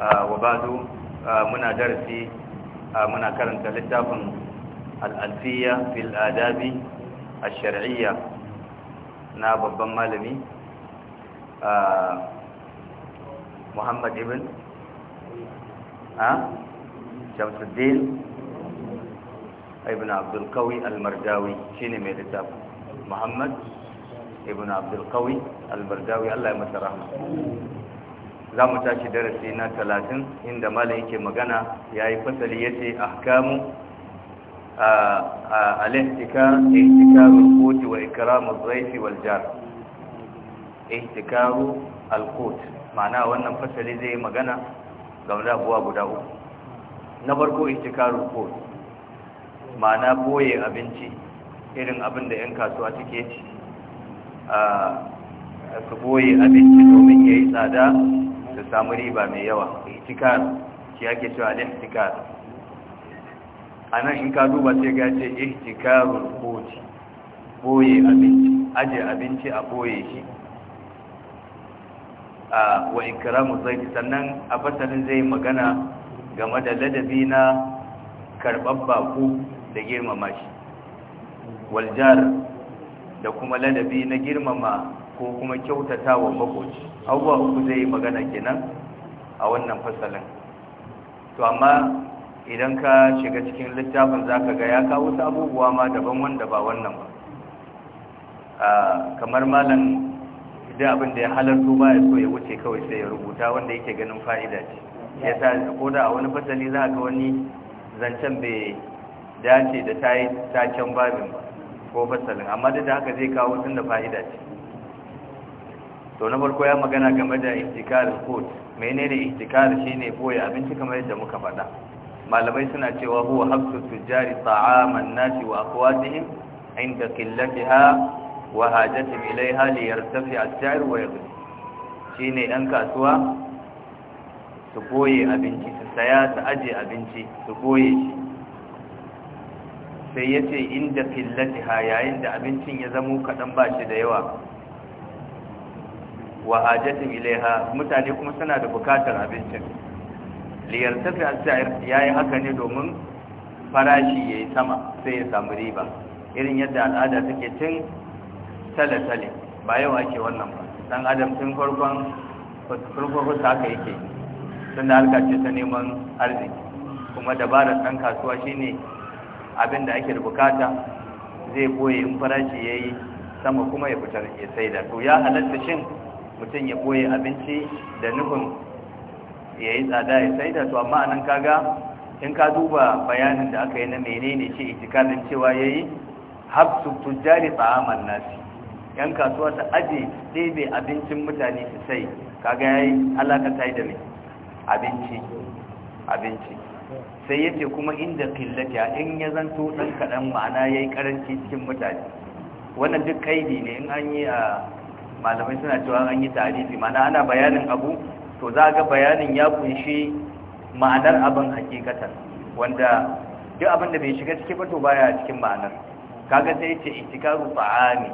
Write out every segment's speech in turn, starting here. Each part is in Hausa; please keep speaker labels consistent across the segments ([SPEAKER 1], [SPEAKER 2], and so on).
[SPEAKER 1] wa badu muna darasi muna karanta littafin al'alfiya fil adabi ash-shar'iyya na babban malami Muhammad ibn ha Shamsuddin ibn Abdul Qawi al-Mardawi shine mai littafin Muhammad ibn Abdul Qawi al-Mardawi Allah ya masa rahma za mu tashi darasi na talatin inda malam yake magana ya yi fasali ya ce a alihtikar ihtikarun kotu wa ikiramun zaifi wal jar ihtikaru alkot ma'ana wannan fasali zai magana ga wanda abuwa guda uku na farko ihtikarun kot ma'ana boye abinci irin abin da 'yan kasuwa suke su boye abinci domin ya yi tsada samu riba mai yawa itikar shi ake cewa al-ihtikar anan in ka duba sai ga ce ihtikarul quti boye
[SPEAKER 2] abinci
[SPEAKER 1] aje abinci a boye shi a wa ikramu zaidi sannan a fasalin zai magana game da ladabi na karɓar baku da girmama shi waljar da kuma ladabi na girmama ko kuma kyautata wa makoci abubuwa uku zai magana kenan a wannan fasalin to amma idan ka shiga cikin littafin zaka ga ya kawo wasu abubuwa ma daban wanda ba wannan ba kamar malam da abin da ya halarto ba ya so ya wuce kawai sai ya rubuta wanda yake ganin fa'ida ce ya sa ko da a wani fasali za ga wani zancen bai dace da ta yi taken babin ba ko fasalin amma da haka zai kawo tun da fa'ida ce to na farko ya magana game da ihtikar food menene ihtikar shine boye abinci kamar yadda muka faɗa malamai suna cewa huwa habsu tujari ta'aman nasi wa aqwatihim inda qillatiha wa hajatihim ilayha li yartafi al sair wa yaghli shine yan kasuwa su boye abinci su saya su aje abinci su boye shi sai yace inda qillatiha yayin da abincin ya zamo kadan bashi da yawa wa hajjatin ilaiha mutane kuma suna da bukatar abincin liyartafi as-sa'ir yi haka ne domin farashi ya yi sama sai ya samu riba irin yadda al'ada take tun tale-tale ba yau ake wannan ba dan adam tun farkon farko haka yake sun da ce ta neman arziki kuma dabarar ɗan kasuwa shine abin da ake da bukata zai boye in farashi ya yi sama kuma ya fitar ya saida to ya halatta shin mutum ya boye abinci da nufin ya yi tsada ya sai da to amma anan kaga in ka duba bayanin da aka yi na menene ce itikadin cewa ya yi habsu tujjari tsa'aman nasi yan kasuwa ta aje ɗebe abincin mutane su sai kaga ya yi alakata da mai abinci abinci sai yace kuma inda killata in ya zanto ɗan kaɗan ma'ana ya yi ƙaranci cikin mutane wannan duk kaidi ne in an yi a malamai suna cewa an yi tarihi mana ana bayanin abu to za ga bayanin ya kunshi ma'anar abin hakikata wanda duk abin da bai shiga cikin ba to baya cikin ma'anar kaga sai ce itikaru fa'ani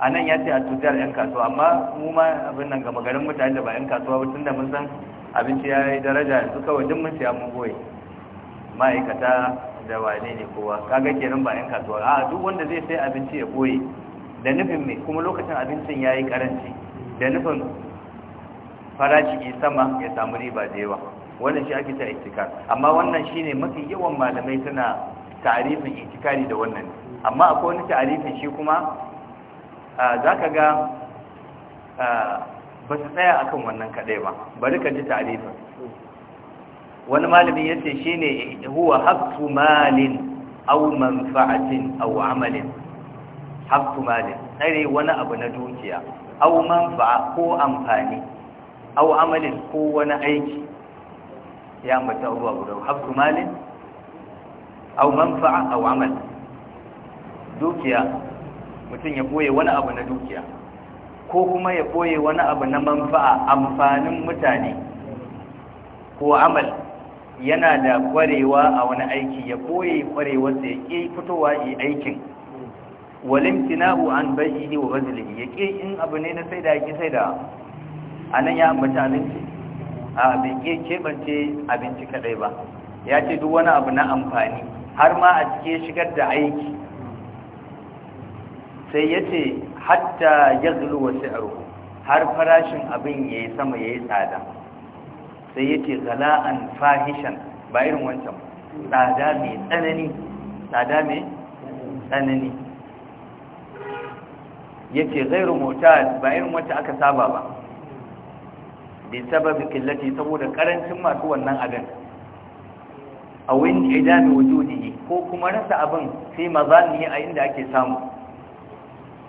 [SPEAKER 1] anan ya ce a tutar yan kasuwa amma mu ma abin nan gama garin mutane da ba yan kasuwa ba tunda mun san abinci ya yi daraja su kawai duk mun siya mun goye ma'aikata da wane ne kowa kaga kenan ba yan kasuwa a duk wanda zai sai abinci ya goye da nufin mai kuma lokacin abincin ya yi karanci da nufin farashi sama ya samu riba da yawa wannan shi ake ta itikar amma wannan shi ne mafi yawan malamai suna tarifin itikari da wannan amma akwai wani tarifin shi kuma za ka ga ba su tsaya a kan wannan kaɗai ba bari ka ji tarifin wani malamin yace shine shi ne huwa haƙƙu malin au manfa'atin au amalin habtu mali tsare wani abu na dukiya au manfa'a ko amfani Au amalin ko wani aiki ya mata abuwa guda habtu mali au manfa'a au amal dukiya mutum ya boye wani abu na dukiya ko kuma ya boye wani abu na manfa'a amfanin mutane ko amal yana da kwarewa a wani aiki ya boye kwarewarsa ya ke fitowa yi aikin walimtina'u an ba'i yi wa Ya ke in abu ne na sai da yake sai da A nan ya ambata abinci a bai ke kebance abinci kadai ba ya ce duk wani abu na amfani har ma a cike shigar da aiki sai ya ce hatta zulu wasu aro har farashin abin ya yi sama ya yi tsada sai ya ce an fahishan ba irin wancan tsada tsada mai tsanani yace zairu motar ba irin wacce aka saba ba bi sababi killati saboda karancin masu wannan abin wani in idami wujudi ko kuma rasa abin sai mazanni a inda ake samu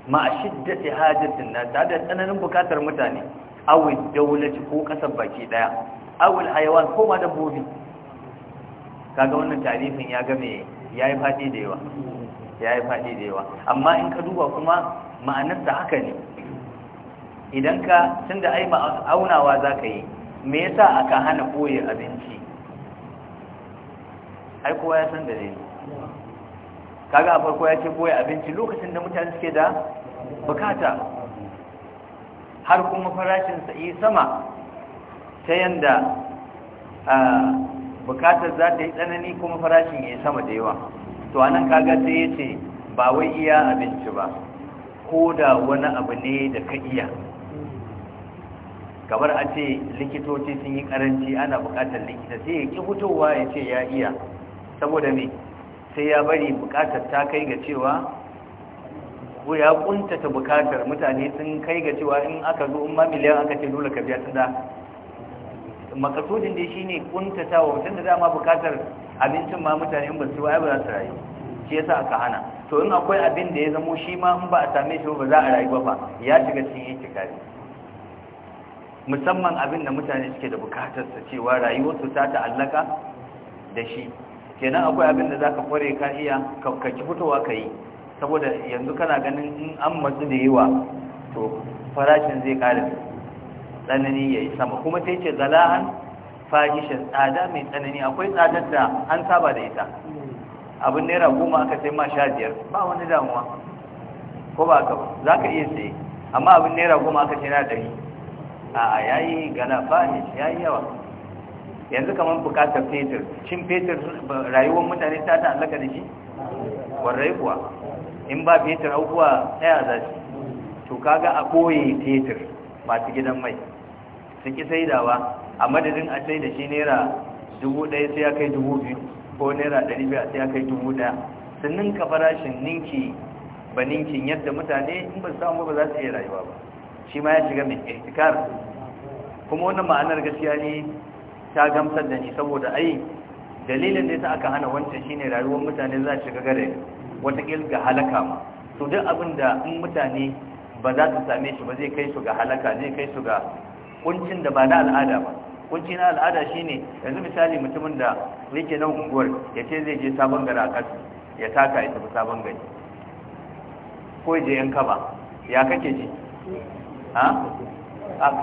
[SPEAKER 1] ma shiddati hajatin nas da tsananin bukatar mutane aw dawlati ko kasar baki daya awi hayawan ko ma dabbobi kaga wannan tarihin ya game yayi fadi fadi da yawa amma in ka duba kuma ma'anarsa haka ne idan ka tun da ai aunawa za ka yi me yasa aka hana ɓoye abinci ai kowa ya san da zai kaga a farko ya ce ɓoye abinci lokacin da mutane suke da bukata har kuma farashinsa yi sama ta yanda bukatar za ta yi tsanani kuma farashin yi sama da yawa to anan kaga sai ya ce ba wai iya abinci ba ko da wani abu ne da ka iya kamar a ce likitoci sun yi karanci ana bukatar likita sai ya ki hutowa ya ce ya iya saboda me sai ya bari bukatar ta kai ga cewa ko ya kuntata bukatar mutane sun kai ga cewa in aka zo in ma miliyan aka ce dole ka biya tunda makasudin dai shine kuntata wa mutum da dama bukatar abincin ma mutane in ba su ba za su rayu shi yasa aka hana to in akwai abin da ya zamo shi ma in ba a same shi ba za a rayu ba ya shiga cikin itikari musamman abin da mutane suke da bukatar su cewa rayuwarsu ta ta'allaka da shi kenan akwai abin da zaka kware ka iya ka ki fitowa kai saboda yanzu kana ganin in an matsu da yawa to farashin zai ƙara tsanani ya yi sama kuma sai ce zala'an fahishin tsada mai tsanani akwai tsadar da an saba da ita abin naira goma aka sai ma sha biyar ba wani damuwa ko ba ka za ka iya sai amma abin naira goma aka sai na dari a ya yi galaba ne ya yi yawa yanzu kamar bukatar fetur cin fetur rayuwar mutane ta ta allaka da shi warrai kuwa in ba fetur aukuwa ɗaya za su to kaga a koyi fetur masu gidan mai su ki saidawa a madadin a sai da shi naira dubu ɗaya sai ya kai dubu biyu ko naira ɗari biyu a sai aka yi dubu ɗaya su ninka farashin ninki ba ninkin yadda mutane in ba samu ba za su iya rayuwa ba shi ma ya shiga mai ihtikar kuma wannan ma'anar gaskiya ne ta gamsar da ni saboda ai dalilin da ta aka hana wancan shine rayuwar mutane za shiga gare watakil ga halaka ma to duk abin da in mutane ba za su same shi ba zai kai su ga halaka zai kai su ga kuncin da ba na al'ada ba kunci na al'ada ne yanzu misali mutumin da yake nan unguwar ya ce zai je sabon gari a kasu ya taka ya tafi sabon gari ko je yan kaba ya kake ji ha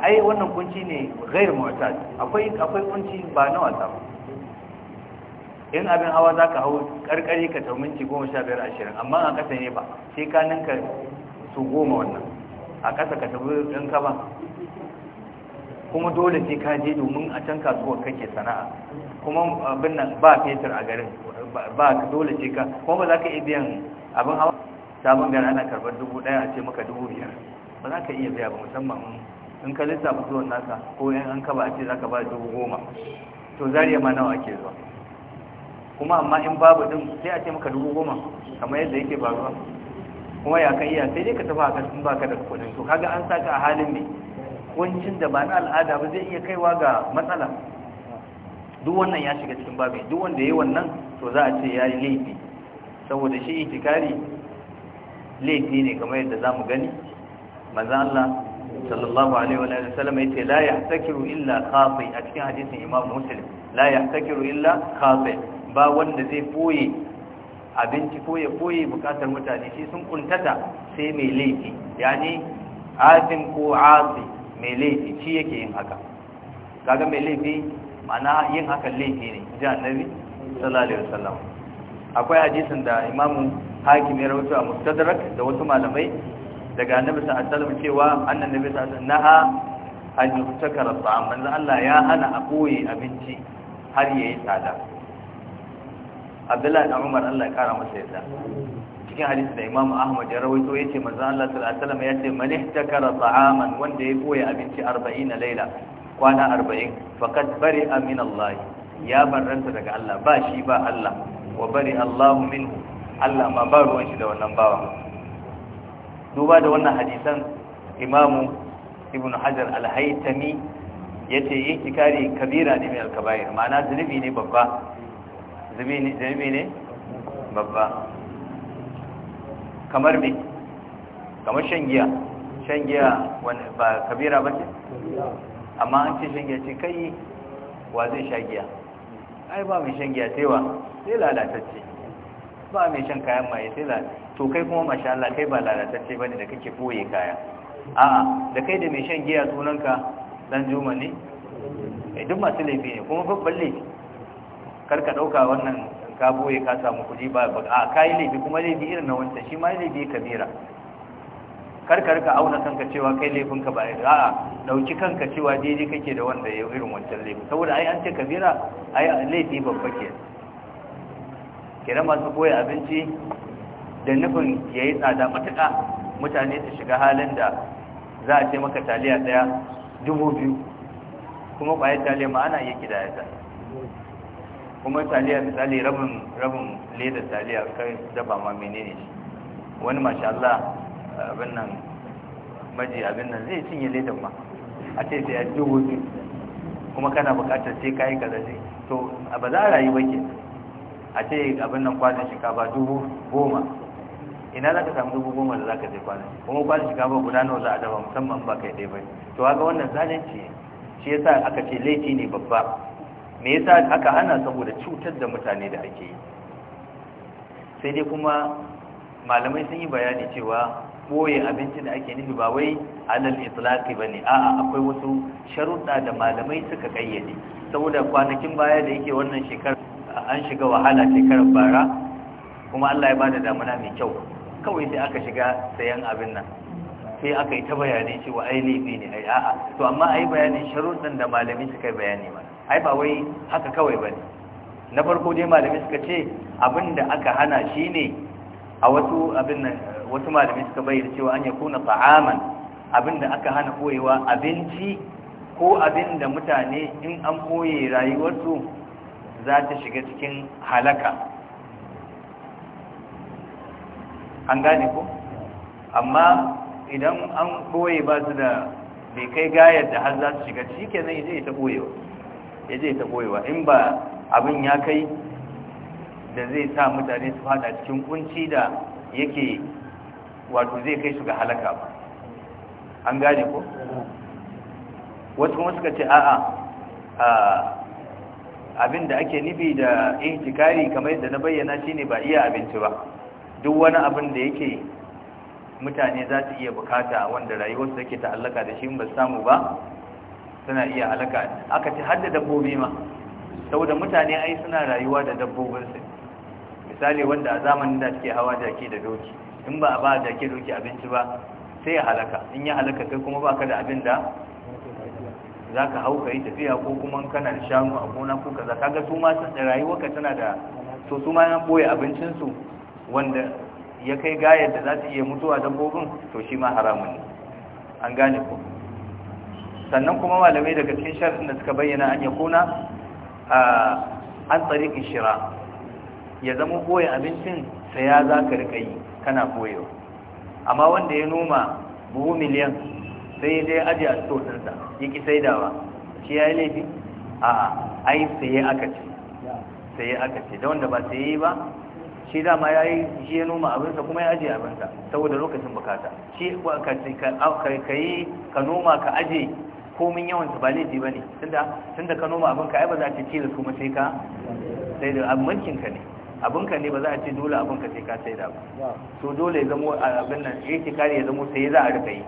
[SPEAKER 1] ai wannan kunci ne gair mu'tad akwai akwai kunci ba na wasa ba in abin hawa zaka hau karkari ka sha 15 20 amma a kasa ne ba sai ka ninka su goma wannan a kasa ka tafi yan kaba kuma dole sai ka je domin a can kasuwar kake sana'a kuma abin nan ba fetur a garin ba ka dole sai ka kuma ba za ka iya biyan abin hawa sabon gara ana karɓar dubu ɗaya a ce maka dubu biyar ba za ka iya biya ba musamman in ka lissafa zuwa naka ko in an kaba a ce za ka ba dubu goma to zariya ma nawa ake zuwa kuma amma in babu din sai a ce maka dubu goma kamar yadda yake ba kuma ya kan iya sai dai ka tafi a kasin baka da kuɗin to kaga an saka a halin ne wancin da ba na al'ada ba zai iya kaiwa ga matsala duk wannan ya shiga cikin babi duk wanda ya yi wannan to za a ce ya yi laifi saboda shi itikari laifi ne kamar yadda mu gani maza Allah sallallahu alaihi wa sallam yace la yahtakiru illa khati a cikin hadisin Imam Muslim la yahtakiru illa khati ba wanda zai boye abinci koye foye bukatar mutane shi sun kuntata sai mai laifi yani asim ko asi mai laifi shi yake yin haka kaga mai laifi mana yin haka laifi ne ji annabi sallallahu alaihi wasallam akwai hadisin da imamu hakim ya rawaito a mustadrak da wasu malamai daga annabi sallallahu alaihi wasallam cewa annan nabi sallallahu alaihi wasallam naha an yutakara ta'am manzo Allah ya hana a koyi abinci har yayi tsada abdullahi da umar Allah ya kara masa yarda cikin hadisi da imam ahmad ya rawaito yace manzo Allah salatala alaihi wasallam yace man ihtakara ta'aman wanda ya koya abinci arba'in 40 laila kwana 40 faqad bari'a min Allah ya bar ranta daga Allah ba shi ba Allah wa bari Allah minhu Allah ma ba ruwan shi da wannan bawa duba da wannan hadisan imamu ibn hajar al-haytami yace ihtikari kabira ne min al-kaba'ir ma'ana zunubi ne babba zumi ne babba kamar me kamar shan giya shan giya ba kabira ba ce amma an ce shan giya ce kai wa zai sha giya ai ba mai shan giya sai wa sai lalatacce ba mai shan kayan maye sai lalatacce to kai kuma masha Allah kai ba lalatacce bane da kake boye kaya a'a da kai da mai shan giya sunanka dan juma ne duk masu laifi ne kuma babban laifi karka ɗauka wannan ka boye ka samu kuɗi ba a kayi laifi kuma laifi irin na wancan shi ma laifi kabira karka rika auna kanka cewa kai laifin ka ba a'a ɗauki kanka cewa daidai kake da wanda ya irin wancan laifi saboda ai an ce kabira ai laifi babba ke kira masu koya abinci da nufin ya yi tsada matuƙa mutane su shiga halin da za a ce maka taliya ɗaya dubu biyu kuma ƙwayar taliya ma ana da ya kuma taliya misali rabin rabin leda taliya kai dafa ma menene shi wani masha Allah abin nan maji abin nan zai cinye ledan ma a ce sai ya ji wuce kuma kana bukatar sai kai kaza sai to ba za a rayu ba ke a ce abin nan kwanan ba dubu goma ina za ka samu dubu goma da za ka sai kwanan kuma kwanan ba guda nawa za a dafa musamman ba kai ɗaya ba to haka wannan zalunci shi yasa aka ce laifi ne babba me yasa aka hana saboda cutar da mutane da ake yi sai dai kuma malamai sun yi bayani cewa boye abinci da ake nufi ba wai alal itlaqi bane a'a akwai wasu sharuɗa da malamai suka kayyade saboda kwanakin baya da yake wannan shekara an shiga wahala shekarar bara kuma Allah ya bada damuna mai kyau kawai sai aka shiga sayan abin nan sai aka yi ta bayanai cewa ai laifi ne ai a'a to amma ai bayanin sharuɗan da malamai suka yi bayani ma ai ba wai haka kawai bane na farko dai malami suka ce abinda aka hana shine a wasu abin nan wasu malami suka bayyana cewa an yakuna ta'aman abinda aka hana koyewa abinci ko abinda mutane in an koye rayuwarsu za ta shiga cikin halaka an gane ko amma idan an koye ba su da bai kai gayar da har za su shiga shi kenan zai ta koyewa ya je ta boyewa in ba abin ya kai da zai sa mutane su fada cikin kunci da yake wato zai kai su ga halaka ba an gane ko wasu kuma suka ce a'a abin da ake nufi da ihtikari kamar yadda na bayyana ne ba iya abinci ba duk wani abin da yake mutane za su iya bukata wanda rayuwarsu take ta'allaka da shi ba samu ba suna iya alaka aka ce hadda dabbobi ma saboda mutane ai suna rayuwa da dabbobinsu misali wanda a zamanin da suke hawa jaki da doki in ba a ba jaki doki abinci ba sai ya halaka in ya halaka kai kuma baka da abin da za ka hau ka yi tafiya ko kuma kana da shanu a gona ko kaza kaga su ma rayuwa ka tana da so su ma yan boye abincinsu wanda ya kai gayar da za su iya mutuwa dabbobin to shi ma haramun ne an gane ku sannan kuma malamai daga cikin sharhin da suka bayyana an yakuna an tsariƙin shira ya zama boye abincin saya za ka rika yi kana koyo. amma wanda ya noma buhu miliyan sai dai aji a stotinsa ya ki saidawa shi ya yi laifi a ai saye aka ce saye aka ce da wanda ba saye ba shi dama ya yi shi ya noma abinsa kuma ya ajiye abinsa saboda lokacin bukata shi ka yi ka noma ka ajiye komin yawansa ba laifi ba ne tunda ka noma abinka ai ba za a ce ce da kuma sai ka sai da abin ka ne abinka ne ba za a ce dole abinka sai ka sai da ba so dole ya zamo a abin nan yake kare ya zamo sai za a rika yi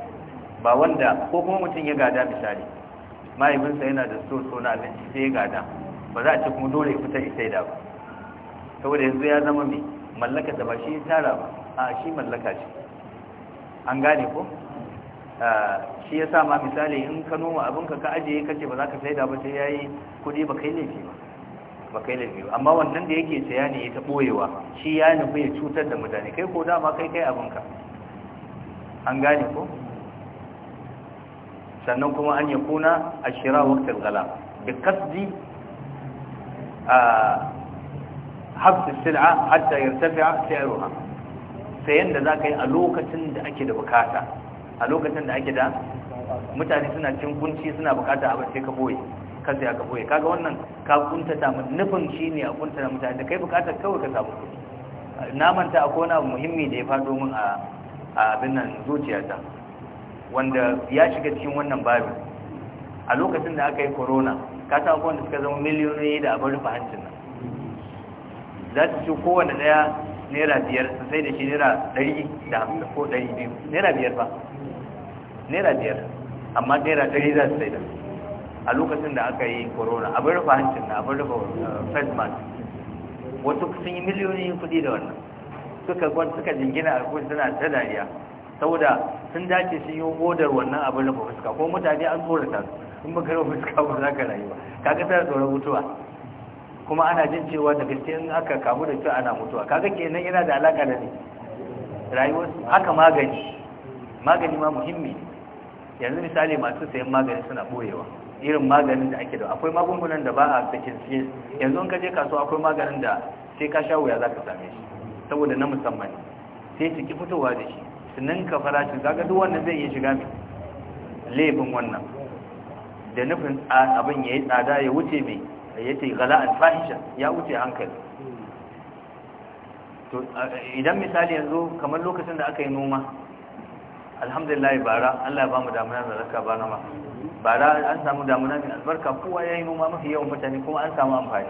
[SPEAKER 1] ba wanda ko kuma mutum ya gada misali mahaifinsa yana da so so na abinci sai ya gada ba za a ce kuma dole ya fita ya sai da ba saboda yanzu ya zama mai mallaka da ba shi tara ba a shi mallaka ce an gane ko shi ya sa ma misali in ka noma abinka ka ajiye kace ba za ka saida ba sai ya yi kudi ba kai laifi ba ba kai laifi ba amma wannan da yake saya ne ya ta ɓoyewa shi ya nufi ya cutar da mutane kai ko dama kai kai abinka an gane ko sannan kuma an ya kuna a shira waktar gala da kasdi حفظ السلعة حتى يرتفع سعرها sayan da za ka yi a lokacin da ake da bukata a lokacin da ake da mutane suna cin kunci suna bukata abin sai ka boye ka sai ka boye kaga wannan ka kuntata mu nufin ne a kuntata mutane da kai bukata kawai ka samu na manta a wani abu muhimmi da ya faɗo min a abin nan zuciyata wanda ya shiga cikin wannan babin a lokacin da aka yi corona ka san akwai wanda suka zama miliyoyi da abin rufe hancin nan za su ci kowane daya naira biyar su sai da shi naira ɗari da hamsin ko ɗari biyu naira biyar ba naira biyar amma naira ɗari za su sai da a lokacin da aka yi corona abin rufe hancin na abin rufe eh, first mark wasu sun yi miliyoyin kuɗi da wannan suka gwan suka jingina a kuma suna ta dariya saboda sun dace sun yi odar wannan abin rufe fuska ko mutane an tsorata su in ka rufe fuska ba za ka rayuwa kaga da tsoron mutuwa kuma ana jin cewa da gaske in aka kamu da shi ana mutuwa kaga kenan yana da alaka da ne
[SPEAKER 2] rayuwar haka
[SPEAKER 1] magani magani ma muhimmi yanzu misali masu sayan magani suna boyewa irin maganin da ake da akwai magungunan da ba a cikin yanzu in ka je kasuwa akwai maganin da sai ka sha wuya zaka same shi saboda na musamman sai fitowa da shi su ninka farashin zaga duk wannan zai iya shiga mai laifin wannan da nufin abin ya yi tsada ya wuce mai gala a fahisha ya wuce hankali to idan misali yanzu kamar lokacin da aka yi noma alhamdulillah bara Allah ya mu damuna da raka ba nama bara an samu damuna mai albarka kowa ya yi noma mafi yawan mutane kuma an samu amfani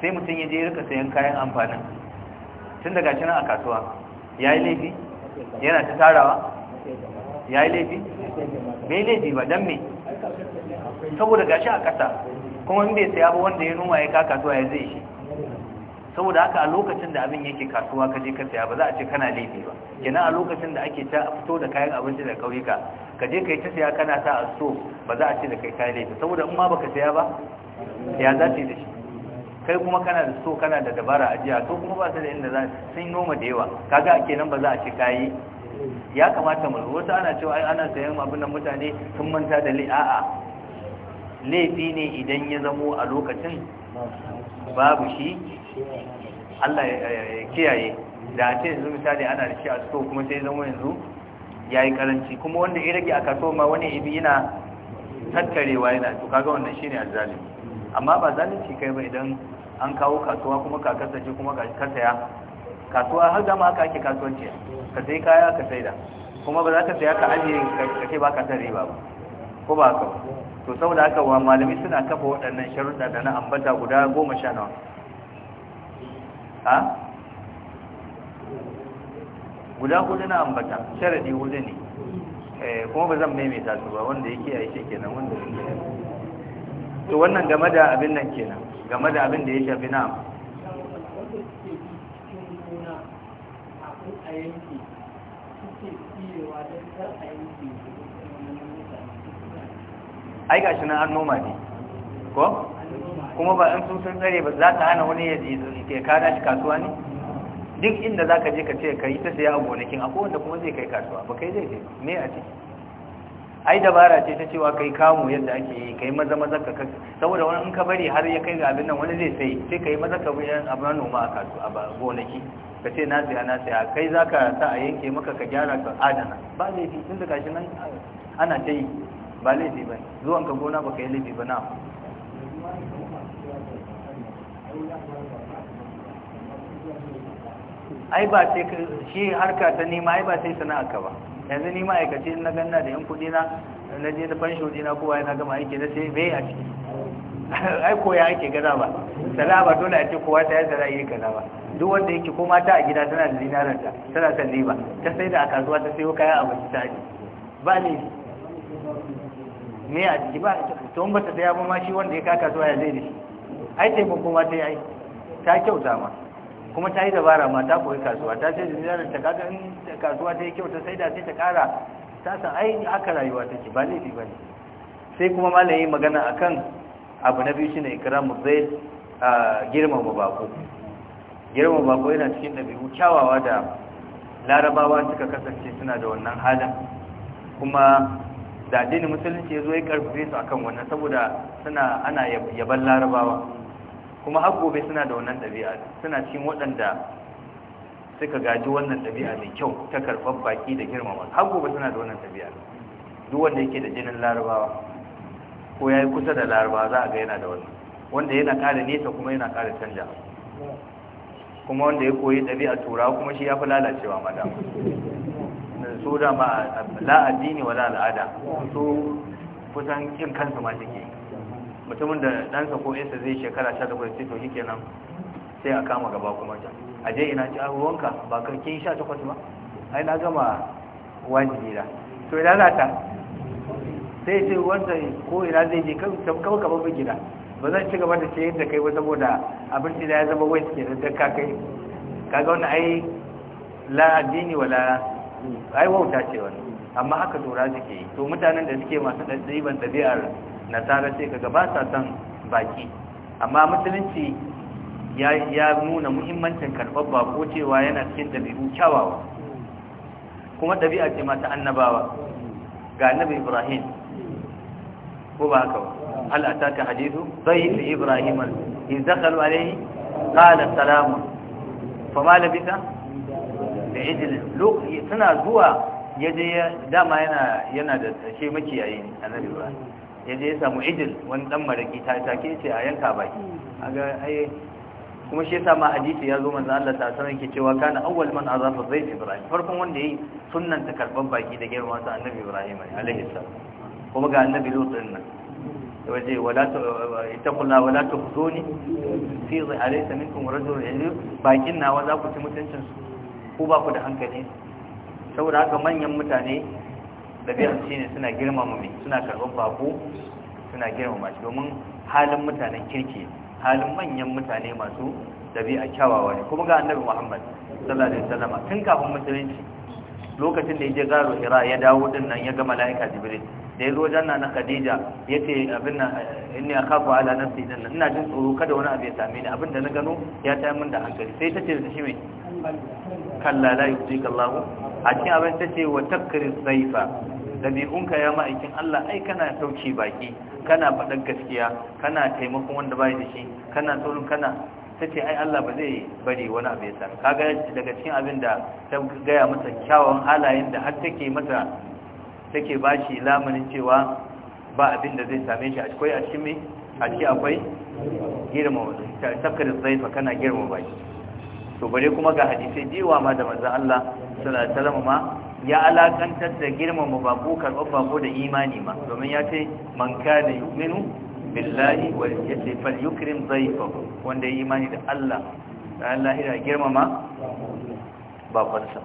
[SPEAKER 1] sai mutum ya je rika sayan kayan amfanin tun daga shi a kasuwa ya yi laifi yana ta tarawa
[SPEAKER 2] ya yi laifi bai laifi ba dan me saboda
[SPEAKER 1] gashi a kasa kuma in bai saya ba wanda ya noma ya ka kasuwa ya zai shi saboda haka a lokacin da abin yake kasuwa ka je ka saya ba za a ce kana laifi ba kenan a lokacin da ake ta fito da kayan abinci da kauyuka ka je ka yi ta saya kana sa a so ba za a ce da kai kayan laifi saboda in ma ka saya ba ya za ta yi da shi kai kuma kana da so kana da dabara a jiya to kuma ba su da inda za sun noma da yawa kaga kenan ba za a ce kayi ya kamata mu wasu ana cewa ai ana sayan abin nan mutane sun manta da li'a'a laifi ne idan ya zamo a lokacin babu shi Allah ya kiyaye da a ce yanzu misali ana da shi a sto kuma sai zama yanzu ya yi karanci kuma wanda ya rage a kaso ma wani ibi yana tattarewa yana to kaga wannan shi ne a zalim amma ba zalunci kai ba idan an kawo kasuwa kuma ka kasance kuma ka saya kasuwa har dama aka ake kasuwanci ka sai kaya ka saida kuma ba za ka saya ka ajiye ka ce ba ka san riba ba ko ba ba. to saboda haka wa malami suna kafa waɗannan sharuɗa da na ambata guda goma sha nawa ha guda hudu na ambata sharaɗi hudu ne eh, kuma ba zan maimaita su ba wanda yake a yake kenan wanda yake to wannan game da abin nan kenan game da abin da ya shafi na
[SPEAKER 2] a yanki suke tsirewa don kar a yi
[SPEAKER 1] ai gashi nan an noma ne ko kuma ba in sun tsare ba za ta hana wani ya ke kada shi kasuwa ne duk inda za ka je ka ce ka yi ta saya a gonakin akwai wanda kuma zai kai kasuwa ba kai zai je ne a ciki ai dabara ce ta cewa kai kamo yadda ake yi kai maza maza ka saboda wani in ka bari har ya kai ga abin nan wani zai sai sai kai maza ka bayan abin noma a kasu a gonaki ka ce na saya na saya kai za ka sa a yanke maka ka gyara ka adana ba zai fi tun da gashi nan ana ta yi ba laifi ba zuwan ka gona ba ka yi laifi ba na
[SPEAKER 2] ai ba sai shi harka
[SPEAKER 1] ta nema ai ba sai sana'a ka ba yanzu ni ma'aikaci na ganna da yan kudi na na je na fansho dina kowa yana gama aiki na sai bai a ciki ai koya ake gada ba sana'a ba dole a ce kowa ta yadda yi gada ba duk wanda yake ko mata a gida tana da dinaranta tana san ba ta sai da a kasuwa ta sayo kaya a baki ta ba ne me a jiki ba ita to in bata saya ba ma shi wanda ya kaka zuwa ya zai da shi ai yi ma ta yi ta kyauta ma kuma ta yi dabara ma ta koyi kasuwa ta ce zai ta kaga in kasuwa ta yi kyauta sai da sai ta kara ta san ai haka rayuwa take ba laifi ba ne sai kuma yi magana akan abu na biyu shine ikramu zai girmama bako girmama bako yana cikin ɗabi'u. kyawawa da larabawa suka kasance suna da wannan halin kuma da addinin musulunci ya zo ya karfafe su akan wannan saboda suna ana yaban larabawa kuma har gobe suna da wannan ɗabi'a suna cikin waɗanda suka gaji wannan ɗabi'a mai kyau ta karfan baki da girmama har gobe suna da wannan ɗabi'a duk wanda yake da jinin larabawa ko ya yi kusa da larabawa za a ga yana da wannan wanda yana ƙara nesa kuma yana ƙara canja kuma wanda ya koyi ɗabi'a turawa kuma shi ya fi lalacewa madama su da ma la addini wala al'ada su kusan kin kansu ma suke mutumin da ɗansa ko yasa zai shekara 18 sai to kenan sai a kama gaba kuma ta aje ina ci abubuwanka ba ka kin 18 ba ai na gama wajibi da to ina za ta sai sai wanda ko ina zai je kan kawai kamar bin gida ba zan ci gaba da ce yadda kai ba saboda abin da ya zama wai suke da ka kai kaga wannan ai la addini wala ai wauta ce wani amma haka tura suke yi to mutanen da suke masu ɗaɗɗiban ɗabi'ar nasara sai kaga ba sa son baki amma musulunci ya nuna muhimmancin karɓar bako cewa yana cikin ɗabi'u kyawawa kuma ɗabi'a ce mata annabawa ga annabi ibrahim ko ba haka hal ataka hadithu sayyid ibrahim in dakhalu alaihi qala salamun fama labisa da idil lokaci suna zuwa ya je dama yana yana da shi makiyayi annabi ibrahim ya je ya samu ijil wani dan maraki ta take ce a yanka baki aga ai kuma shi yasa ma hadisi ya zo manzo Allah ta sanar yake cewa kana awwal man azafa zaid ibrahim farkon wanda yi sunnan ta karban baki da girma sa annabi ibrahim alaihi salam kuma ga annabi lut din nan waje wala ittaqulla wala tukhzuni fi alaysa minkum yanzu bakin nawa za ku ci mutuncin su ko ba ku da hankali saboda haka manyan mutane ɗabi'an shi ne suna girmama mai suna karɓar babu suna girmama shi domin halin mutanen kirki halin manyan mutane masu ɗabi'a kyawawa ne kuma ga annabi muhammad sallallahu alaihi wasallam tun kafin musulunci lokacin da ya je garo hira ya dawo din nan ya ga mala'ika jibril da ya zo wajen na khadija ya ce abin nan inni akhafu ala nafsi dan nan ina jin tsoro kada wani abu ya same ni abin da na gano ya tayar min da hankali sai ta ce da shi mai kalla la yusika Allah a cikin abin ta ce wa takrir saifa dabi'unka ya ma'aikin Allah ai kana sauki baki kana faɗan gaskiya kana taimakon wanda bai da shi kana tsoron kana tace ai Allah ba zai bari wani abu ya sa kaga daga cikin abin da ta gaya mata kyawawan halayen da har take mata take bashi lamunin cewa ba abin da zai same shi akwai a cikin me a cikin akwai girma wani tafkar zaifa kana girma baki to bare kuma ga hadisai jiwa ma da manzon Allah sallallahu alaihi wasallam ma ya alakantar da girmama bako karɓar bako da imani ma domin ya ce man kana yu'minu billahi wa yace fal yukrim dhayfahu wanda ya imani da Allah da Allah ya girmama bakonsa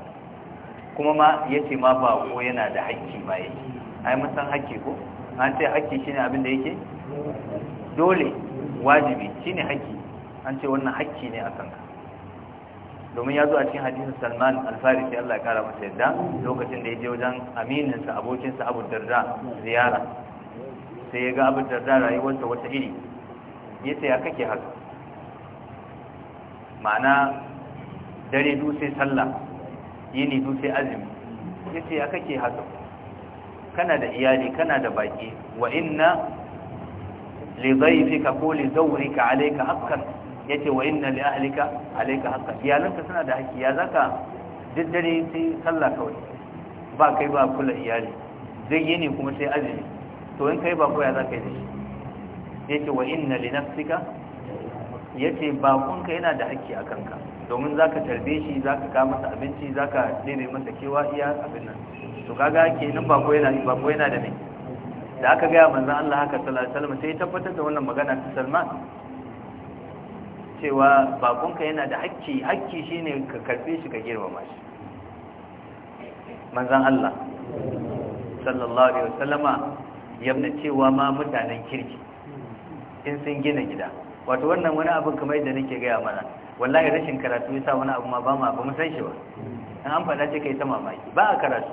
[SPEAKER 1] kuma ma yace ma ko yana da hakki ba yake ai mun san hakki ko an ce hakki shine abin da yake dole wajibi shine hakki an ce wannan hakki ne a kanka. domin ya zo a cikin hadisin salman alfarisi allah ya kara masa yadda lokacin da ya je wajen aminansa abokinsa abu darda ziyara sai ya ga abu darda rayuwarsa wata iri ya ce ya kake haka ma'ana dare dutse sallah yini dutse azumi ya ce ya kake haka kana da iyali kana da baki wa inna li dhayfika ko li zawrika alayka haqqan yace wa inna li ahlika alayka haqqan iyalanka suna da haƙƙi ya zaka diddare sai sallah kawai ba kai ba kula iyali zai yi ne kuma sai azumi to in kai ba koya zaka yi da ya yace wa inna li nafsika yace bakunka yana da haƙƙi a kanka domin zaka tarbe shi zaka ka masa abinci zaka dai masa kewa iya abin nan to kaga nan ba ko yana ba ko yana da ne da aka gaya manzan Allah haka sallallahu alaihi wasallam sai tabbatar da wannan magana ta Salman cewa bakonka yana da hakki hakki shine ka karfe shi ka girmama shi manzon Allah sallallahu alaihi wasallama yamna cewa ma mutanen kirki in sun gina gida wato wannan wani abin kamar da nake gaya mana wallahi rashin karatu yasa wani abu ma ba ma ba mu san shi ba in an faɗa ce kai ta mamaki ba a karatu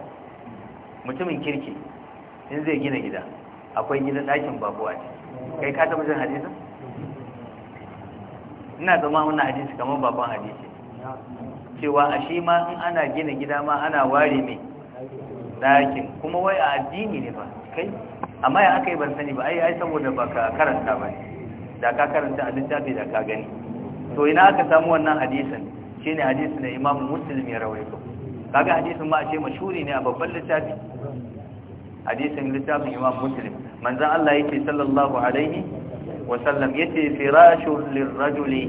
[SPEAKER 1] mutumin kirki in zai gina gida akwai gidan ɗakin babuwa ce kai ka taɓa jin hadisin ina zama wannan hadisi kamar baban hadisi cewa a shi ma in ana gina gida ma ana ware mai ɗakin kuma wai a addini ne ba kai amma ya aka yi ban sani ba ai ai saboda ba ka karanta ba da ka karanta a littafi da ka gani to ina aka samu wannan hadisin shine hadisi da Imam Muslim ya rawaito kaga hadisin ma a ce mashuri ne a babban littafi hadisin littafin Imam Muslim manzon Allah yake sallallahu alaihi wasallam yace firashun lirrajuli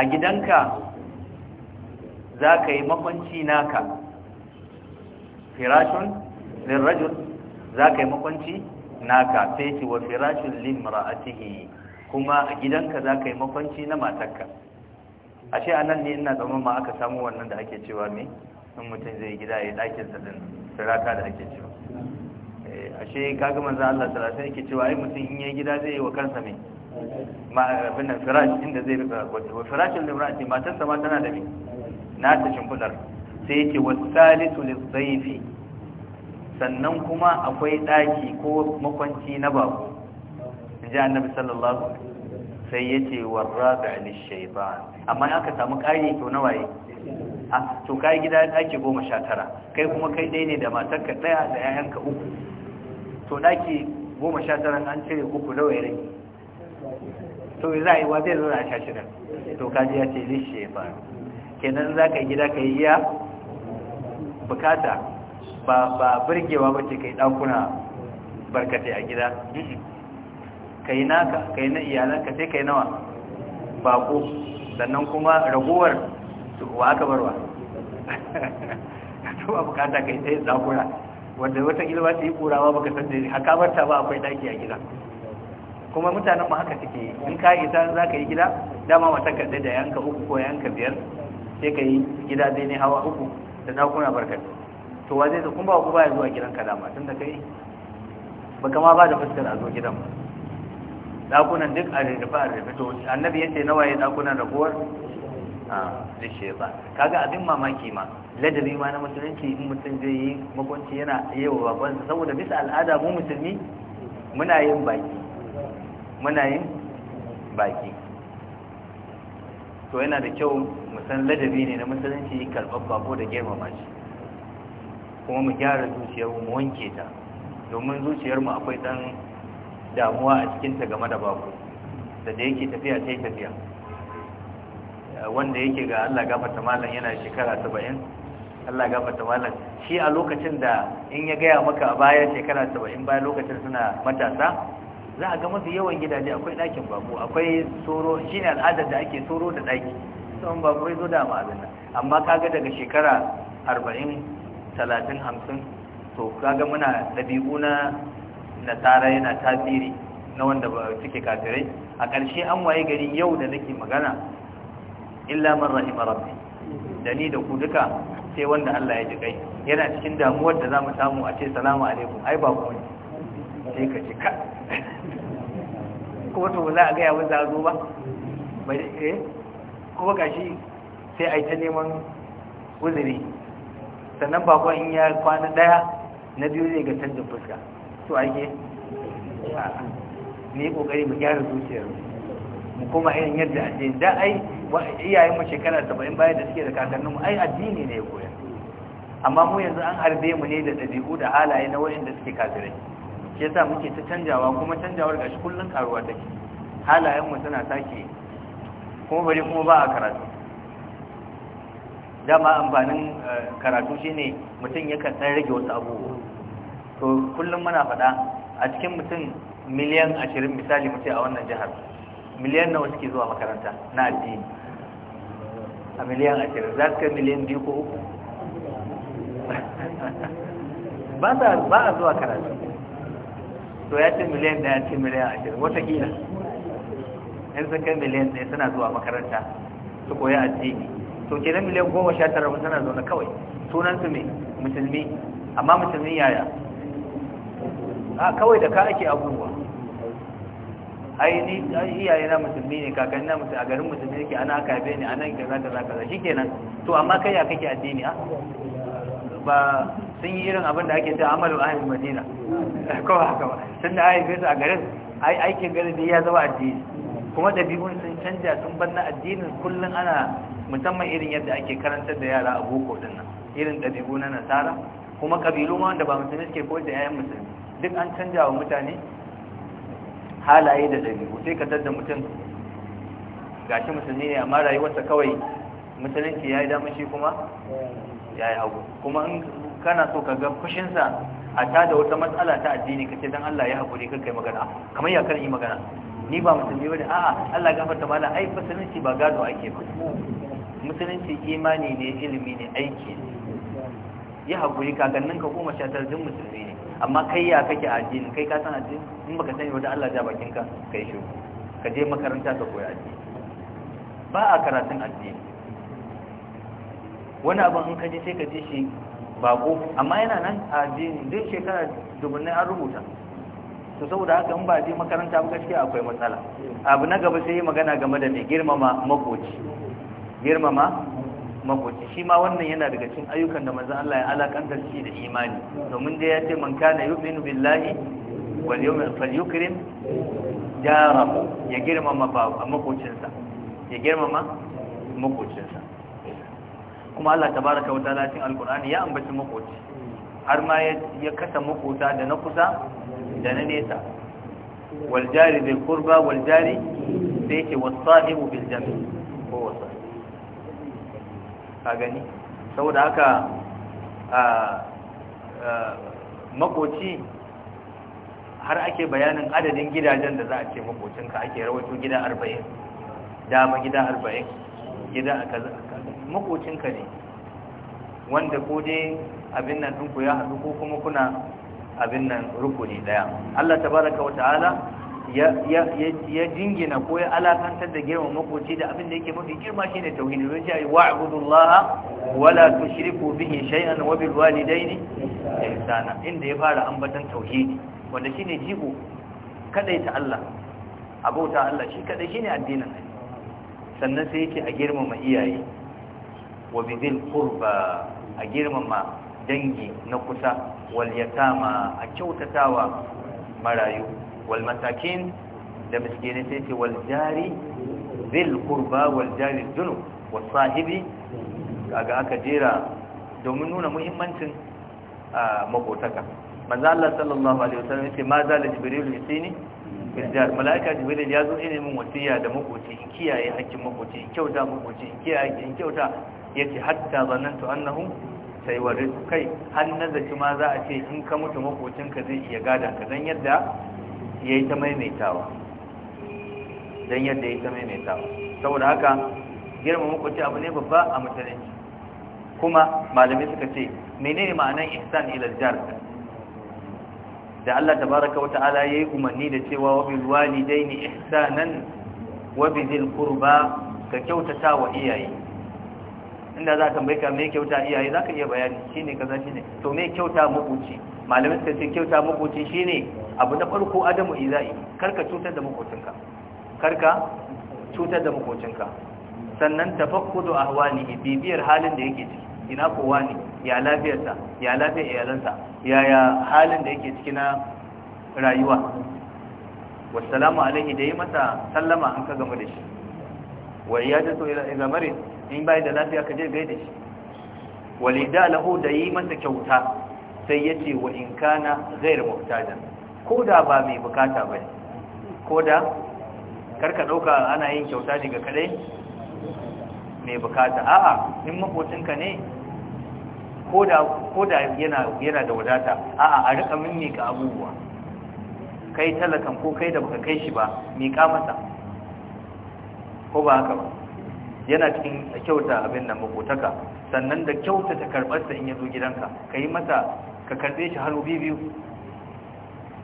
[SPEAKER 1] a gidanka zaka yi makwanci naka firashun lirrajul zaka yi makwanci naka sai ce wa firashun limra'atihi kuma a gidanka zaka yi makwanci na matarka ashe anan ne ina zama ma aka samu wannan da ake cewa me in mutum zai gida ya dakin sa din sirata da ake cewa Eh, ashe kaga manzo Allah sallallahu alaihi yake cewa ai mutum in yayi gida zai yi wa kansa mai ma abin nan firash inda zai rufe wato wa firashin limrati matar sama tana da mai na ta shimfidar sai yake wasalisu lizayfi sannan kuma akwai daki ko makwanci na babu inji annabi sallallahu alaihi sai yace warabi lishaytan amma in aka samu kari to a ah, to kai gida daki 19 kai kuma kai dai ne da matarka daya da yayanka uku to ke goma sha tara an cire uku nawa ya rage to za a yi wa zai zauna a sha shida to kaji ya ce lishe ya faru kenan za ka yi gida ka yi iya bukata ba birgewa ba ce ka yi ɗakuna barkatai a gida ka yi naka ka yi na iyalanka sai ka yi nawa bako sannan kuma ragowar wa aka barwa to a bukata ka yi sai ɗakuna wanda wata ilwa ta yi kurawa ba san sanda haka barta ba akwai daki a gida kuma mutanen ma haka suke in ka isa za ka yi gida dama mata kaɗe da yanka uku ko yanka biyar sai ka yi gida zai ne hawa uku da dakuna barkatu to wa zai kuma ba ku ba ya zuwa gidan ka dama tun da kai Ba kama ba da fuskar a zo gidan ba dakunan duk a rirrufe a rirrufe to annabi yace nawa ya dakunan raguwar da ba kaga abin mamaki ma ladabi ma na musulunci in mutum zai yi makwanci yana yawa wa babansa saboda bisa al'ada mu musulmi muna yin baki muna yin baki to yana da kyau mu san ladabi ne na musulunci karɓar babo da girmama shi kuma mu gyara zuciyar mu wanke ta domin zuciyar mu akwai dan damuwa a cikinta game da babo da da yake tafiya sai tafiya wanda yake ga Allah gafarta malam yana shekara 70 Allah gafarta malam shi a lokacin da in ya gaya maka a baya shekara 70 bayan lokacin suna matasa za a ga mafi yawan gidaje akwai ɗakin babu akwai soro ne al'adar da ake soro da ɗaki sun babu ya zo da ma abin nan amma kaga daga shekara 40 30 hamsin to kaga muna ɗabi'u na nasara yana tasiri na wanda ba suke kafirai a ƙarshe an waye gari yau da nake magana illa man rahima rabbi da ni da ku duka sai wanda Allah ya ji kai yana cikin damuwar da zamu samu a ce salamu alaikum ai ba ku ne sai ka ce ka ko to za a ga ya wanda zo ba bai eh ba gashi sai ai ta neman uzuri sannan bakon in ya kwana daya na biyu zai ga canjin fuska to ake ne kokari mu gyara zuciyar mu kuma irin yadda a ce da ai iyayen mu shekara 70 bayan da suke da kakanninmu ai addini ne ya koya amma mu yanzu an harbe mu ne da dabi'u da halaye na wayanda suke kafirai ke sa muke ta canjawa kuma canjawar gashi kullun karuwa take halayen mu suna sake kuma bari kuma ba a karatu dama amfanin eh, karatu shine mutum yakan san rage wasu abubuwa to kullum muna faɗa a cikin mutum miliyan ashirin misali mu a wannan jihar miliyan nawa suke zuwa makaranta na addini a miliyan ashirin za su kai miliyan biyu ko uku ba a zuwa karatu to ya ce miliyan daya ce miliyan ashirin watakila in sun kai miliyan daya suna zuwa makaranta su koya addini to kenan miliyan goma sha tara mun zaune kawai sunan su ne musulmi amma musulmi yaya kawai da ka ake abubuwa ai ni iyaye na musulmi ne kakanni na musulmi a garin musulmi ne ke ana aka haife ni anan kaza kaza kaza shikenan to amma kai ya kake addini a ah? ba sun yi irin abin da ake ta amalu ahli madina ko haka ba sun da haife su a garin aikin garin da ya zama addini kuma dabi'un sun canja sun bar na addinin kullum ana musamman irin yadda ake karantar da yara a boko din nan irin ɗabi'u na nasara kuma kabilu ma wanda ba musulmi suke koyar da 'ya'yan musulmi duk an canja wa mutane halaye da dabi'u sai ka tada mutum gashi musulmi ne amma rayuwarsa kawai musulunci ya yi damashi kuma ya yi hagu kuma in kana so ka ga fushinsa a ta da wata matsala ta addini kace dan Allah ya haƙuri kar kai magana kamar ya kan yi magana ni ba musulmi bane a'a Allah gafarta mala ai musulunci ba gado ake ba musulunci imani ne ilimi ne aiki ya haƙuri kakannin ka goma sha tara musulmi ne amma kai ya kake addini kai ka san addini in baka sani wanda Allah ya bakin ka kai shi ka je makaranta ka koyi addini ba a karatun addini wani abin in ka je sai ka ji shi bako amma yana nan a addini duk shekara dubunnai an rubuta to saboda haka in ba je makaranta ba gaskiya akwai matsala abu na gaba sai yi magana game da mai girmama makoci girmama makoci shi ma wannan yana daga cikin ayyukan da manzon Allah ya alakanta shi da imani domin da ya ce man kana yu'minu billahi wal yawmil falyukrim jarahu ya girmama makocinsa ya girmama makocinsa kuma Allah tabaraka wa ta'ala cikin alqur'ani ya ambaci makoci har ma ya kasa makota da na kusa da na nesa wal jari bil qurba wal jari sai ce was sahibu bil jami ko wasa a gani saboda haka makoci har ake bayanin adadin gidajen da za a ce makocinka ake rawaito gida arba'in dama gida arba'in gida a kaza makocinka ne wanda ko dai abin nan ɗinku ya haɗu ko kuma kuna abin nan rukuni ɗaya Allah tabaraka wa ta'ala ya jingina ko ya alakantar da girma makoci da abin da yake mafi girma shi tauhidi don shi wa'budullaha wala tushriku bihi shay'an wa bil walidaini ihsana inda ya fara ambaton tauhidi wanda shine jigo kadaita Allah abota Allah shi kadai shine addinin sannan sai yake a girmama iyaye wa bidil qurba a girmama dangi na kusa wal yatama a kyautatawa marayu wal masakin da miskinai sai ce wal jari zil qurba wal jari junub was sahibi kaga aka jera domin nuna muhimmancin makotaka manzo Allah sallallahu alaihi wasallam yace ma zala jibril yasini bil jar malaika jibril ya zo ne mun wasiya da makoci in kiyaye hakkin makoci in kyauta makoci in kiyaye in kyauta yace hatta zanantu annahu sai warisu kai har nazaci ma za a ce in ka mutu makocinka zai iya gada ka dan yadda ya yi ta maimaitawa don yadda ya yi ta maimaitawa saboda haka girma hukunci abu ne babba a musulunci kuma malamai suka ce menene ma'anar ihsan ilal jar da Allah tabaraka wa ta'ala yayi umarni da cewa wa bil walidaini ihsanan wa bizil qurba ka kyautata wa iyaye inda za ka baika me kyauta iyaye za ka iya bayani shine kaza shine to me kyauta makoci malamai suka ce kyauta shi shine abu na farko adamu izai karka cutar da makocinka karka cutar da makocinka sannan tafakkudu ahwalihi bibiyar halin da yake ciki ina kowa ne ya lafiyarsa ya lafiyar iyalansa yaya halin da yake ciki na rayuwa wassalamu alaihi da yi masa sallama an ka gama da shi wa iyadatu ila izamarin in bai da lafiya ka je gaida shi walida lahu da yi masa kyauta sai yace wa in kana ghairu muhtajan ko da ba mai bukata ba ko da karka ɗauka ana yin kyauta daga kadai mai bukata a'a in makocinka ne ko da yana da wadata a'a a rika mimika abubuwa kai talakan ko kai da baka kai shi ba mika masa ko ba haka ba yana cikin kyauta abin da makotaka sannan da kyauta ta karɓarsa in yanzu gidanka ka yi masa ka karbe shi hannu biyu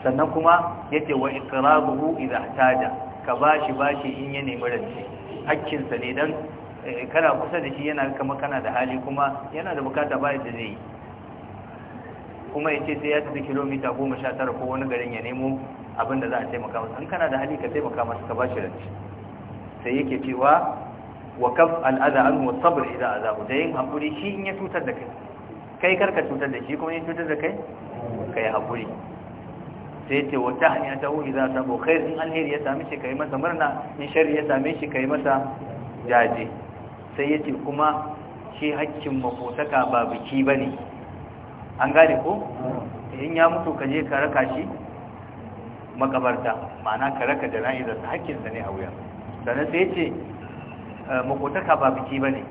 [SPEAKER 1] sannan kuma yace wa iqrabuhu idha ihtaja ka bashi bashi in ya nemi rance hakkin sa ne dan eh, kana kusa da shi yana kama kana da hali kuma yana da bukata bai da zai kuma yace sai ya tafi kilomita 19 ko wani garin ya nemo abin da za a taimaka masa in kana da hali ka taimaka masa ka bashi rance sai yake cewa wa kaf adha anhu wa sabr idha azabu da yin hakuri shi in ya cutar da kai kai karka cutar da shi kuma ya cutar da kai kai hakuri sai ce wata hanya ta za idza sabo khair sun alheri ya same shi kai masa murna in shari ya same shi kai masa jaje sai ya ce kuma shi hakkin mafotaka ba biki ba ne. an gane ko in ya mutu ka je ka raka shi makabarta ma'ana ka raka da jana'izar su haƙƙinsa ne a wuya sannan sai ce eh, mafotaka ba biki ba ne.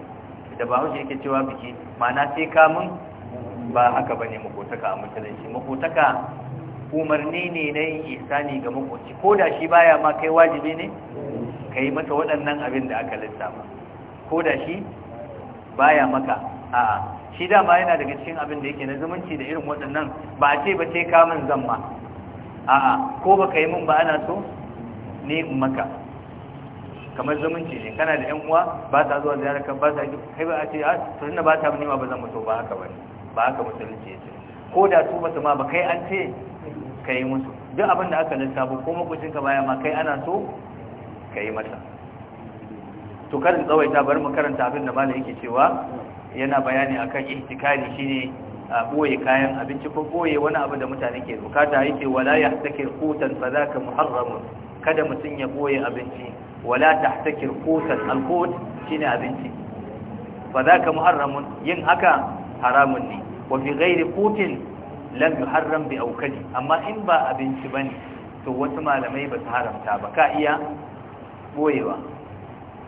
[SPEAKER 1] da ba hausa yake cewa biki ma'ana sai ka mun ba haka bane mafotaka a musulunci mafotaka umarni ne na yin isani ga makwaci ko da shi baya ma kai wajibi ne ka yi mata waɗannan abin da aka lissafa ko da shi baya maka a'a shi dama yana daga cikin abin da yake na zumunci da irin waɗannan ba a ce ba ce kamun zamma a'a ko ba ka yi min ba ana so ne in maka kamar zumunci ne kana da 'yan uwa ba ta zuwa ziyarar kan ba ta kai ba a ce a ah, tunan ba ta nema ba zan mutu ba haka ba ba haka musulunci ya ce ko da su ba su ma ba kai an ce ka yi musu duk abin da aka lissafo ko makocinka baya ma kai ana so ka yi masa to karin tsawaita bari mu karanta abin da malam yake cewa yana bayani akan ihtikari shine a boye kayan abinci ko ɓoye wani abu da mutane ke bukata yake wala yahtakir qutan fa zaka muharram kada mutun ya ɓoye abinci wala ta kutan alkot shi ne abinci fa zaka muharram yin haka haramun ne wa fi ghairi qutin lam yuharram bi aukali amma in ba abinci bane to wasu malamai ba su haramta ba ka iya boyewa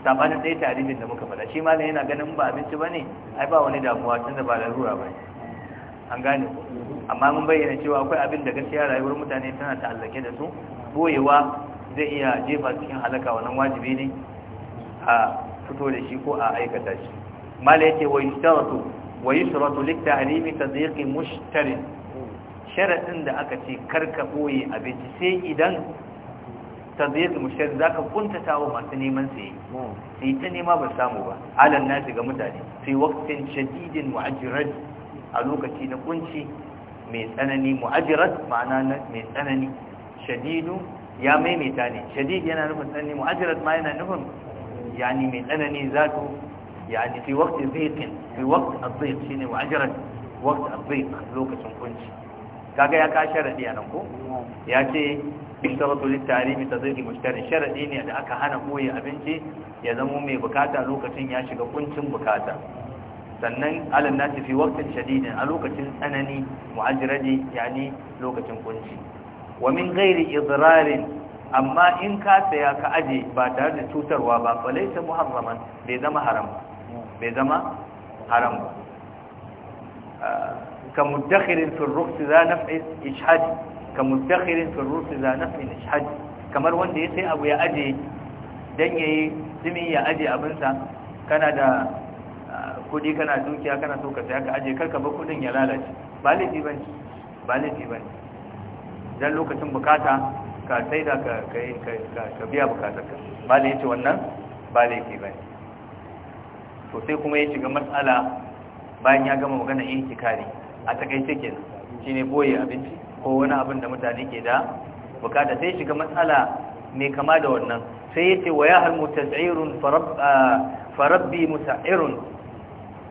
[SPEAKER 1] sabanin dai tarihin da muka faɗa shi malam yana ganin ba abinci bane ai ba wani damuwa tun da ba larura bane an gane ku amma mun bayyana cewa akwai abin da gaskiya rayuwar mutane tana ta'allake da su boyewa zai iya jefa cikin halaka wannan wajibi ne a fito da shi ko a aikata shi mala yake wa yustaratu wa yusratu lit ta'limi tadhiqi mushtarin sharaɗin da aka ce karka ɓoye abinci sai idan ta zai zama shari za ka kuntata wa masu neman saye hmm. sai ta nema ba samu ba alan nasi ga mutane sai waktin shadidin mu'ajirat a lokaci na kunci mai tsanani mu'ajirat ma'ana mai tsanani shadidu ya maimaita ne shadid yana nufin tsanani mu'ajirat ma yana nufin yani mai tsanani za ku yani fi waktin zaiƙin fi waktin shi ne mu'ajirat waktin azaiƙ lokacin kunci kaga ya ka sharadi a nan ko ya ce ishtaratu zai tazidi mushtari sharadi ne da aka hana koyi abinci ya zama mai bukata lokacin ya shiga kuncin bukata sannan alal nasi fi waqtin shadidin a lokacin tsanani mu'ajradi yani lokacin kunci wa min ghairi idrarin amma in ka saya ka aje ba tare da cutarwa ba laysa muharraman bai zama haram bai zama haram ba ah, كمدخر في الرخص ذا نفع إشحاد كمدخر في الرخص ذا نفع إشحاد kamar wanda ya sai abu ya aje dan yayi dimi ya aje abinsa kana da kudi kana dukiya kana so ka sai ka aje ka ba kudin ya lalace ba laifi bane ba laifi bane dan lokacin bukata ka sai da ka kai ka biya bukatarka ba da yace wannan ba laifi bane to sai kuma ya shiga matsala bayan ya gama magana ihtikari a takaice kenan ne boye abinci ko wani abin da mutane ke da bukata sai shiga matsala mai kama da wannan sai ya ce wa yahal mutas'irun farabbi musa'irun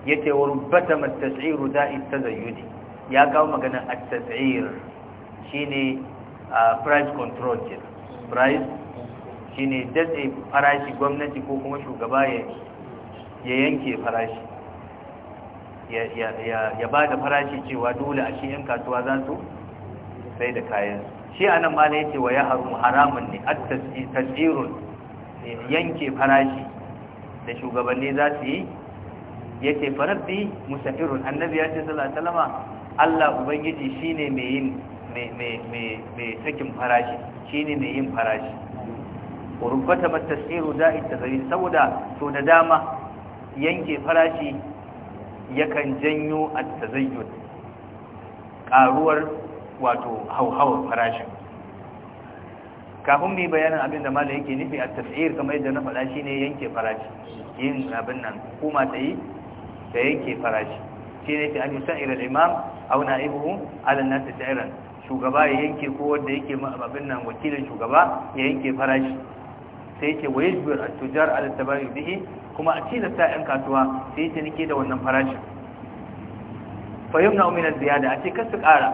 [SPEAKER 1] ce wa rubbata mutas'iru da'i zayyudi ya kawo magana at-tas'ir ne price control ke price ne dace farashi gwamnati ko kuma shugaba ya yanke farashi ya ba da farashi cewa dole a shi 'yan kasuwa za su sai da kayan shi a nan mala yake wa ya haru haramun ne a tasirun yanke farashi da shugabanni za su yi ya ce farabbi musafirun annabi ya ce salama Allah Ubangiji shi ne mai sakin farashi shi ne mai yin farashi rubata matasiru da'i ta zari saboda to da dama yanke farashi yakan janyo at-tazayyun ƙaruwar wato hauhawar farashin kafin mai bayanan bayanin abin da malai yake nufi a tafsir kamar yadda na faɗa shi ne yanke farashi yin abin nan kuma ta yi da yanke farashi Shi ne ta an sa'ir al-imam aw na'ibuhu ala an-nas sha'iran shugaba ya yanke ko wanda yake abin nan wakilin shugaba ya yanke farashi sai yake waye jibir a tujar ala tabari bihi kuma a tilasta sa’in kasuwa sai yake nike da wannan farashin fa yumna min ziyada a ce kar su ƙara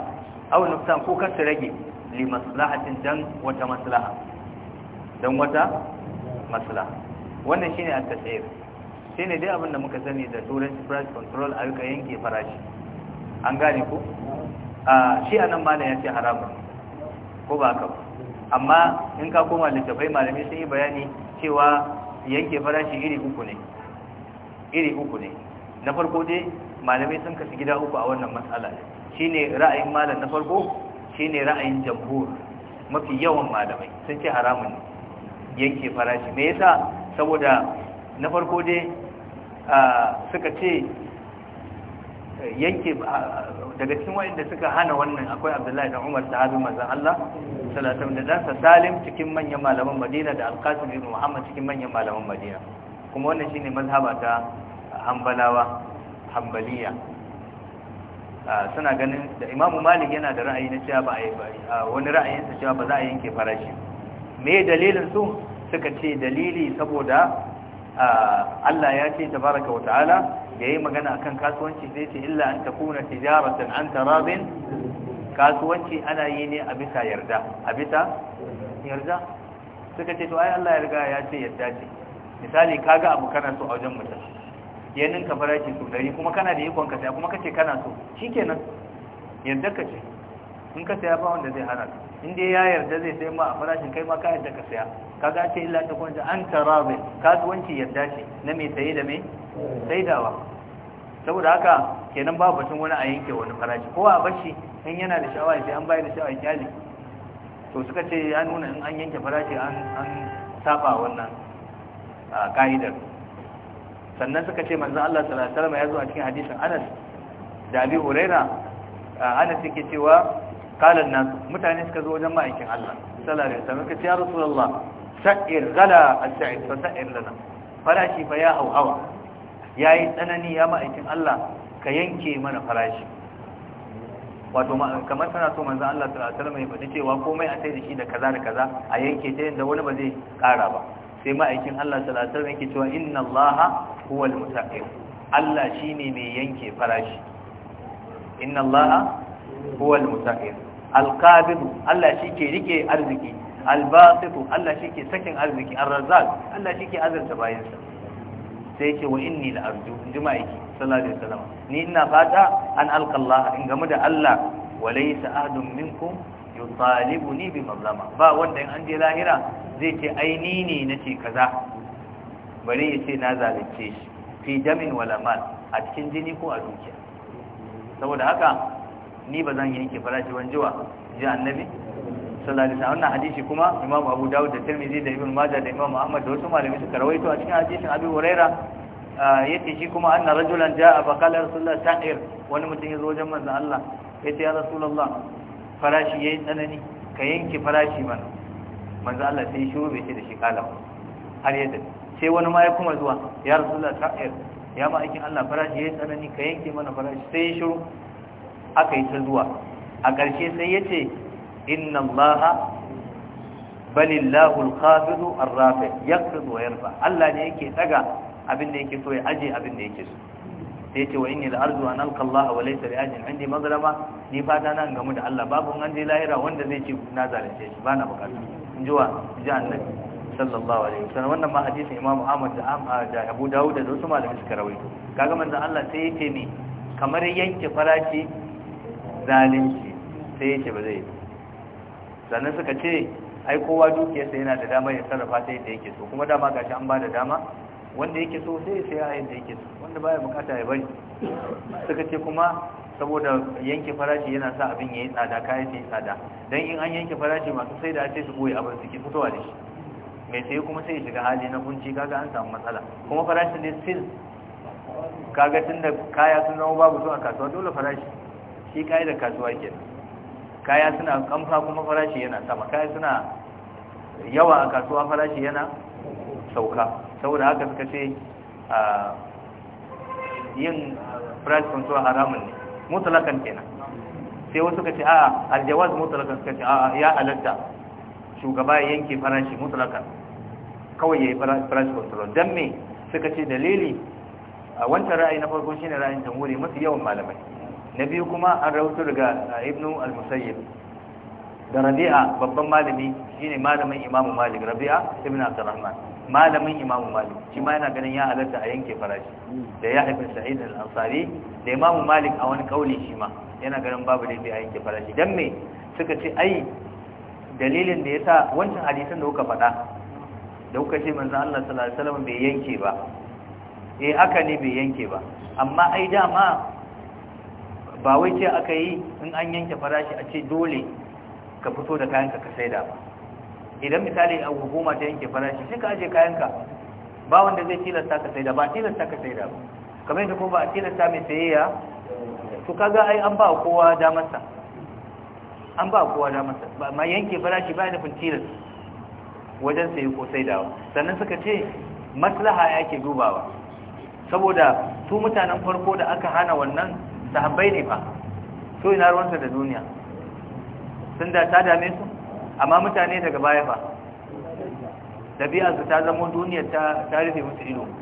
[SPEAKER 1] aw nuksan ko kar su rage li maslahatin dan wata maslaha dan wata maslaha wannan shine at-tasir shine dai abin da muka sani da turanci price control ayyuka yanke farashi an gane ko a shi anan ma ne yace haramun ko ba ka ba amma in ka koma littafai malamai sun yi bayani cewa yanke farashi iri uku ne iri uku ne na farko dai malamai sun kasu gida uku a wannan matsala shine ra'ayin malam na farko shine ra'ayin jamhur mafi yawan malamai sun ce haramun yanke farashi me yasa saboda na farko dai suka ce yanke daga cikin wa'inda suka hana wannan akwai abdullahi da umar sahabin manzan Allah salatu da ɗansa salim cikin manyan malaman madina da alkasim ibn muhammad cikin manyan malaman madina kuma wannan shine mazhaba ta hanbalawa hanbaliya ah, suna ganin da imamu malik yana da ra'ayi na cewa ba a wani ra'ayinsa cewa ba za a yanke farashi me dalilin su suka ce dalili saboda ah, Allah ya ce tabaraka wa ta'ala yayi magana akan kasuwanci sai ce illa an takuna tijaratan an tarabin kasuwanci ana yi ne a bisa yarda a bisa yarda suka ce to ai Allah ya riga ya ce yarda ce misali kaga abu kana so a wajen mutum ya ninka faraki so dari kuma kana da ikon ka sai kuma kace kana so shikenan yarda ka ce in ka saya ba wanda zai hana ka in dai ya yarda zai sai ma a farashin kai ma ka yarda ka saya kaga ce illa ta kwanta an tarabe kasuwanci yarda ce na mai saye da mai saidawa saboda haka kenan babu batun wani a yanke wani farashi kowa a bashi in yana da sha'awa sai an bayar da sha'awa kyali to suka ce ya nuna in an yanke farashi an saba wannan ka'idar sannan suka ce manzon Allah sallallahu alaihi wasallam ya zo a cikin hadisin Anas da Abi Huraira Anas yake cewa kalan nan mutane suka zo wajen ma'aikin Allah sallallahu alaihi wasallam kace ya rasulullah sa'ir gala as-sa'id fa sa'ir lana farashi fa ya hawa ya yi tsanani ya ma'aikin Allah ka yanke mana farashi wato kamar tana so manzan Allah sallallahu mai wasallam cewa komai a sai da shi da kaza da kaza a yanke ta yanda wani ba zai ƙara ba sai ma'aikin Allah sallallahu alaihi wasallam cewa inna Allah huwal mutaqin Allah shine mai yanke farashi inna Allah huwal al alqabid Allah shi ke rike arziki al albasit Allah shi ke sakin arziki arrazzaq Allah shi ke azurta bayansa sai ce wa inni la arju juma'iki sallallahu alaihi wasallam ni ina fata an alqa Allah in game da Allah wa laysa ahadun minkum yutalibuni bi mazlama ba wanda in an je lahira zai ce ai ni ne nace kaza bari ya ce na zalunce shi fi damin wala mal a cikin jini ko a dukiya saboda haka ni bazan yanke farashi wanjiwa ji annabi sallallahu alaihi wasallam wannan hadisi kuma Imam Abu Dawud da Tirmidhi da Ibn Majah da Imam Ahmad da wasu malamai suka rawaito a cikin hadisin Abi Huraira yace shi kuma anna rajulan jaa fa qala rasulullah sa'ir wani mutum ya zo wajen manzon Allah yace ya rasulullah farashi yayi tsanani ka yanke farashi mana manzon Allah sai shi bai ce da shi kala har yadda sai wani ma ya kuma zuwa ya rasulullah sa'ir ya ma aikin Allah farashi yayi tsanani ka yanke mana farashi sai shiru aka yi ta zuwa a ƙarshe sai yace inna allaha balillahu alqabidu arrafi yaqbidu wa yarfa Allah ne yake daga abin da yake so ya aje abin da yake so sai ce wa inni al'arzu an alka Allah wa laysa li ajin indi mazlama ni fata na gamu da Allah babu an je lahira wanda zai ce na zalunce shi bana bukata in ji wa ji annabi sallallahu alaihi wasallam wannan ma hadisin Imam Ahmad da Ahmad da Abu Dawud da wasu malamai suka rawaito kaga manzon Allah sai yace ni kamar yanke farashi zalunci sai yace ba zai yi sannan suka ce ai kowa sai yana da dama ya sarrafa ta yadda yake so kuma dama gashi an ba da dama wanda yake so sai ya saya yadda yake so wanda baya bukata ya bari suka ce kuma saboda yanke farashi yana sa abin yayi tsada kayan sai tsada dan in an yanke farashi masu sai da sai su boye abin su ke fitowa da shi mai sai kuma sai ya shiga hali na kunci kaga an samu matsala kuma farashin ne still kaga tunda kaya sun zama babu su a kasuwa dole farashi shi kai da kasuwa kenan kaya suna kamfa kuma farashi yana sama kaya suna yawa a kasuwa farashi yana sauka saboda haka suka ce yin price control haramun ne mutalakan kenan sai wasu suka ce a'a aljawaz mutalakan suka ce a'a ya halatta shugaba ya yanke farashi mutalakan kawai ya yi price control don me suka ce dalili a wancan ra'ayi na farko shine ra'ayin tamuri mafi yawan malamai na biyu kuma an rahoto daga ibnu al-musayyib da rabi'a babban malami shine malamin imamu malik rabi'a ibn abdurrahman malamin imamu malik shi ma yana ganin ya halatta a yanke farashi da ya haifin sa'id al-ansari da imamu malik a wani kauli shi ma yana ganin babu laifi a yanke farashi dan me suka ce ai dalilin da yasa wancan hadisin da kuka faɗa da kuka ce manzo Allah sallallahu alaihi wasallam bai yanke ba eh aka ne bai yanke ba amma ai dama ba wai ce aka yi in an yanke farashi a ce dole ka fito da kayanka ka saida ba idan misali a hukuma ta yanke farashi sai ka aje kayanka ba wanda zai tilasta ka saida ba tilasta ka saida ba kamar yadda ko ba a tilasta mai sayayya su kaga ai an ba kowa damar sa an ba kowa damar sa ba ma yanke farashi ba nufin tilas wajen sayi ko saidawa sannan suka ce maslaha yake dubawa saboda su mutanen farko da aka hana wannan sahabbai ne fa to ina ruwansa da duniya sun da ta dame su amma mutane daga baya fa su ta zama duniya ta rufe musu ido